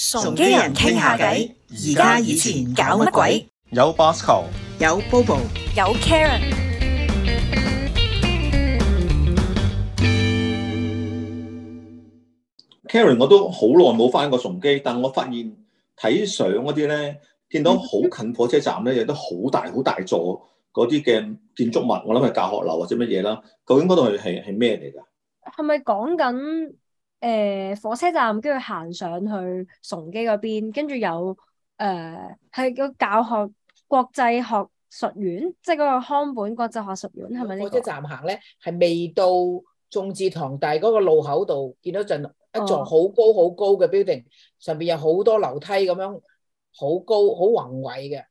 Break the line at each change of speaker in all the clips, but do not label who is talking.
崇基人傾下偈，而家以前搞乜鬼？有 Bosco，有 Bobo，有 Karen。Karen，我都好耐冇翻過崇基，但我發現睇相嗰啲咧，見到好近火車站咧，有啲好大好大座嗰啲嘅建築物，我諗係教學樓或者乜嘢啦。究竟嗰度係係係咩嚟噶？
係咪講緊？是誒、嗯，火車站跟住行上去崇基嗰邊，跟住有誒，係、呃、個教學國際學術院，即係嗰個康本國際學術院，係咪、這個？火車站行咧，係未到
眾志堂大嗰個路口度，見到盡一座好高好高嘅 building，上邊有好多樓梯咁樣，好高好宏偉嘅。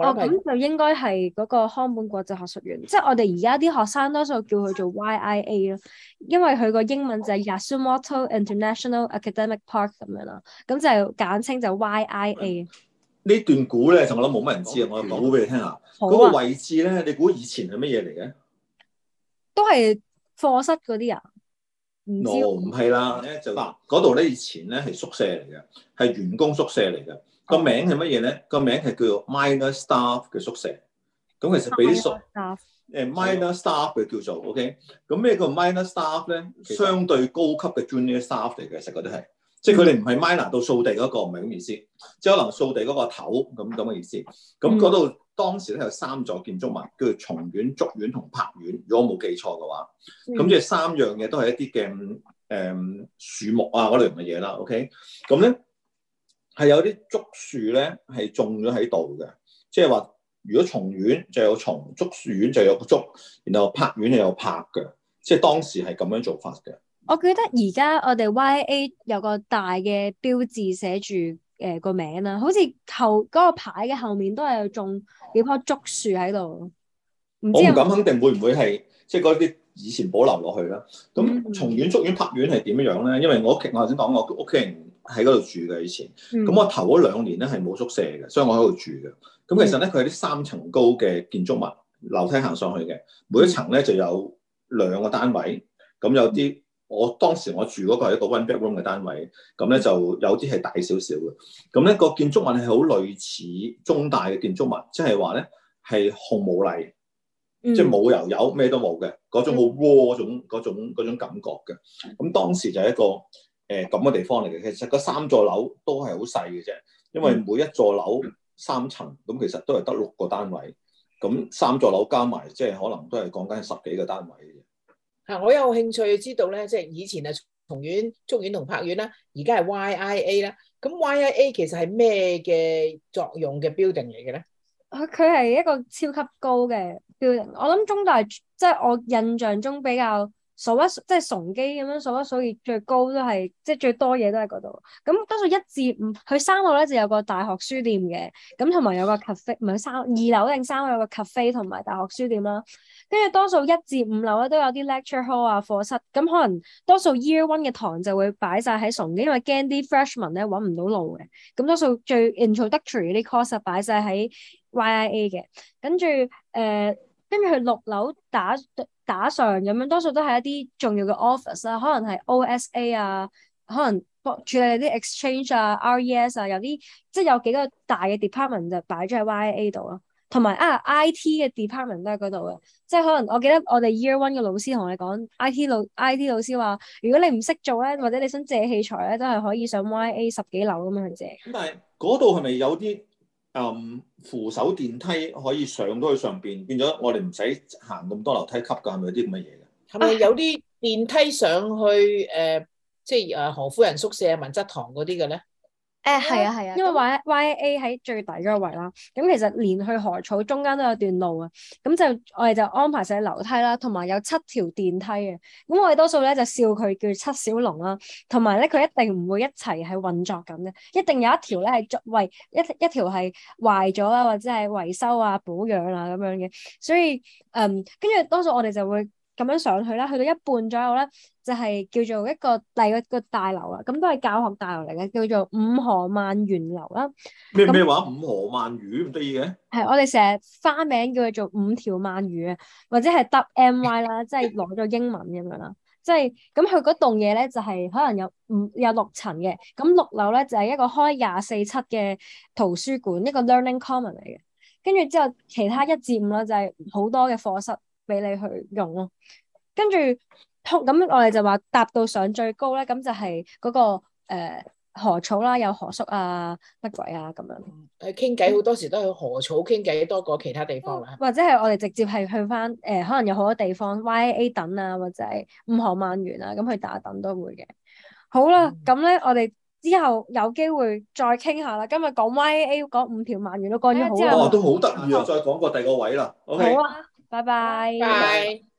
哦，咁
就應該係嗰個康本國際學術園，即係我哋而家啲學生多數叫佢做 YIA 咯，因為佢個英文就係 YasumotoInternational Academic Park 咁樣啦，咁就簡稱就 YIA。
呢段古咧，就我諗冇乜人知啊，我嚟講古俾你聽下。好啊。個位置咧，你估以前係乜嘢嚟嘅？
都係課室嗰啲人，唔知。哦，唔係啦，咧
就嗱，嗰度咧以前咧係宿舍嚟嘅，係員工宿舍嚟嘅。個名係乜嘢咧？個名係叫做 minor staff 嘅宿舍。咁其實俾啲宿誒 minor staff 嘅叫做 OK。咁咩叫 minor staff 咧？相對高級嘅 junior staff 嚟嘅，食嗰啲係，即係佢哋唔係 minor 到掃地嗰個，唔係咁意思。即係可能掃地嗰個頭咁咁嘅意思。咁嗰度當時咧有三座建築物，叫做松苑、竹苑同柏苑，如果我冇記錯嘅話。咁即係三樣嘢都係一啲嘅誒樹木啊嗰類型嘅嘢啦。OK，咁咧。係有啲竹樹咧，係種咗喺度嘅。即係話，如果松園就有松，竹樹園就有竹，然後柏園又有柏嘅。即係當時係咁樣做法嘅。
我記得而家我哋 YIA 有個大嘅標誌寫，寫住誒個名啦。好似後嗰個牌嘅後面都係種幾棵竹樹喺度。唔知我唔敢肯
定會唔會係即係嗰啲以前保留落去啦。咁松園、竹園、柏園係點樣咧？因為我屋企我頭先講我屋企人。喺嗰度住嘅以前，咁、嗯、我頭嗰兩年咧係冇宿舍嘅，所以我喺度住嘅。咁其實咧佢係啲三層高嘅建築物，樓梯行上去嘅。每一層咧就有兩個單位，咁有啲我當時我住嗰個係一個 one bedroom 嘅單位，咁咧就有啲係大少少嘅。咁咧、個建築物係好類似中大嘅建築物，即係呢嗯、即係話咧係紅毛泥，即係冇油油咩都冇嘅嗰種好 raw 嗰種嗰、嗯、感覺嘅。咁當時就係一個。誒咁嘅地方嚟嘅，其實嗰三座樓都係好細嘅啫，因為每一座樓三層，咁、嗯、其實都係得六個單位，咁三座樓加埋，即係可能都係講緊十幾個單位
嘅。嚇！我有興趣
知道咧，即係以前啊，松苑、竹苑同柏苑啦，而家係 YIA 啦，咁 YIA 其實係咩嘅作用嘅 building 嚟嘅咧？
佢佢係一個超級高嘅 building，我諗中大即係、就是、我印象中比較。數一數即係崇基咁樣數一數二最高，都係即係最多嘢都喺嗰度。咁多數一至五佢三樓咧就有個大學書店嘅，咁同埋有個 cafe，唔係三二樓定三樓有個 cafe 同埋大學書店啦。跟住多數一至五樓咧都有啲 lecture hall 啊課室。咁可能多數 year one 嘅堂就會擺晒喺崇基，因為驚啲 freshman 咧搵唔到路嘅。咁多數最 introductory 啲 course 擺晒喺 YIA 嘅。跟住誒，跟住去六樓打。打上咁樣多數都係一啲重要嘅 office 啦，可能係 OSA 啊，可能處理啲 exchange 啊、RES 啊，有啲即係有幾個大嘅 department 就擺咗喺 YA 度咯，同埋啊 IT 嘅 department 都喺嗰度嘅，即係可能我記得我哋 year one 嘅老師同我哋講，IT 老 IT 老師話，如果你唔識做咧，或者你想借器材咧，都係可以上 YA 十幾樓咁樣去借的。
咁但係嗰度係咪有啲？誒，um, 扶手電梯可以上到去上邊，變咗我哋唔使行咁多樓梯級噶，係咪有啲咁嘅嘢？係咪有啲電梯上去？誒、呃，即係誒何夫人宿舍、文質堂嗰啲嘅咧？.
誒係啊係啊，因為 YIA 喺最底嗰個位啦，咁其實連去何草中間都有段路啊，咁就我哋就安排晒樓梯啦，同埋有，有七條電梯嘅，咁我哋多數咧就笑佢叫七小龍啦，同埋咧佢一定唔會一齊係運作緊嘅，一定有一條咧係作為一一條係壞咗啦，或者係維修啊、保養啊咁樣嘅，所以嗯，跟住多數我哋就會。咁樣上去啦，去到一半左右咧，就係叫做一個第二個大樓啦，咁都係教學大樓嚟嘅，叫做伍何曼原樓啦。咩咩話？伍
何曼原唔得意
嘅。係，我哋成日花名叫佢做五條鰻魚啊，或者係 W M Y 啦，即係攞咗英文咁樣啦，即係咁佢嗰棟嘢咧就係可能有五有六層嘅，咁六樓咧就係一個開廿四七嘅圖書館，一個 Learning Common 嚟嘅，跟住之後其他一至五啦就係好多嘅課室。俾你去用咯，跟住通咁我哋就話搭到上最高咧，咁就係嗰那個誒何，呃、草啦，有何叔啊，乜鬼啊咁樣。
係傾偈好多時都係何草傾偈多過其他地方啦。
或者係我哋直接係去翻誒、呃，可能有好多地方 YIA 等啊，或者係五條鰻魚啊，咁去打等都會嘅。好啦，咁咧、嗯、我哋之後有機會再傾下啦。今日講 YIA 講五條鰻魚都講咗、哎啊、好。哦，都
好得意啊！再講個第二個位啦。好
啊。拜拜。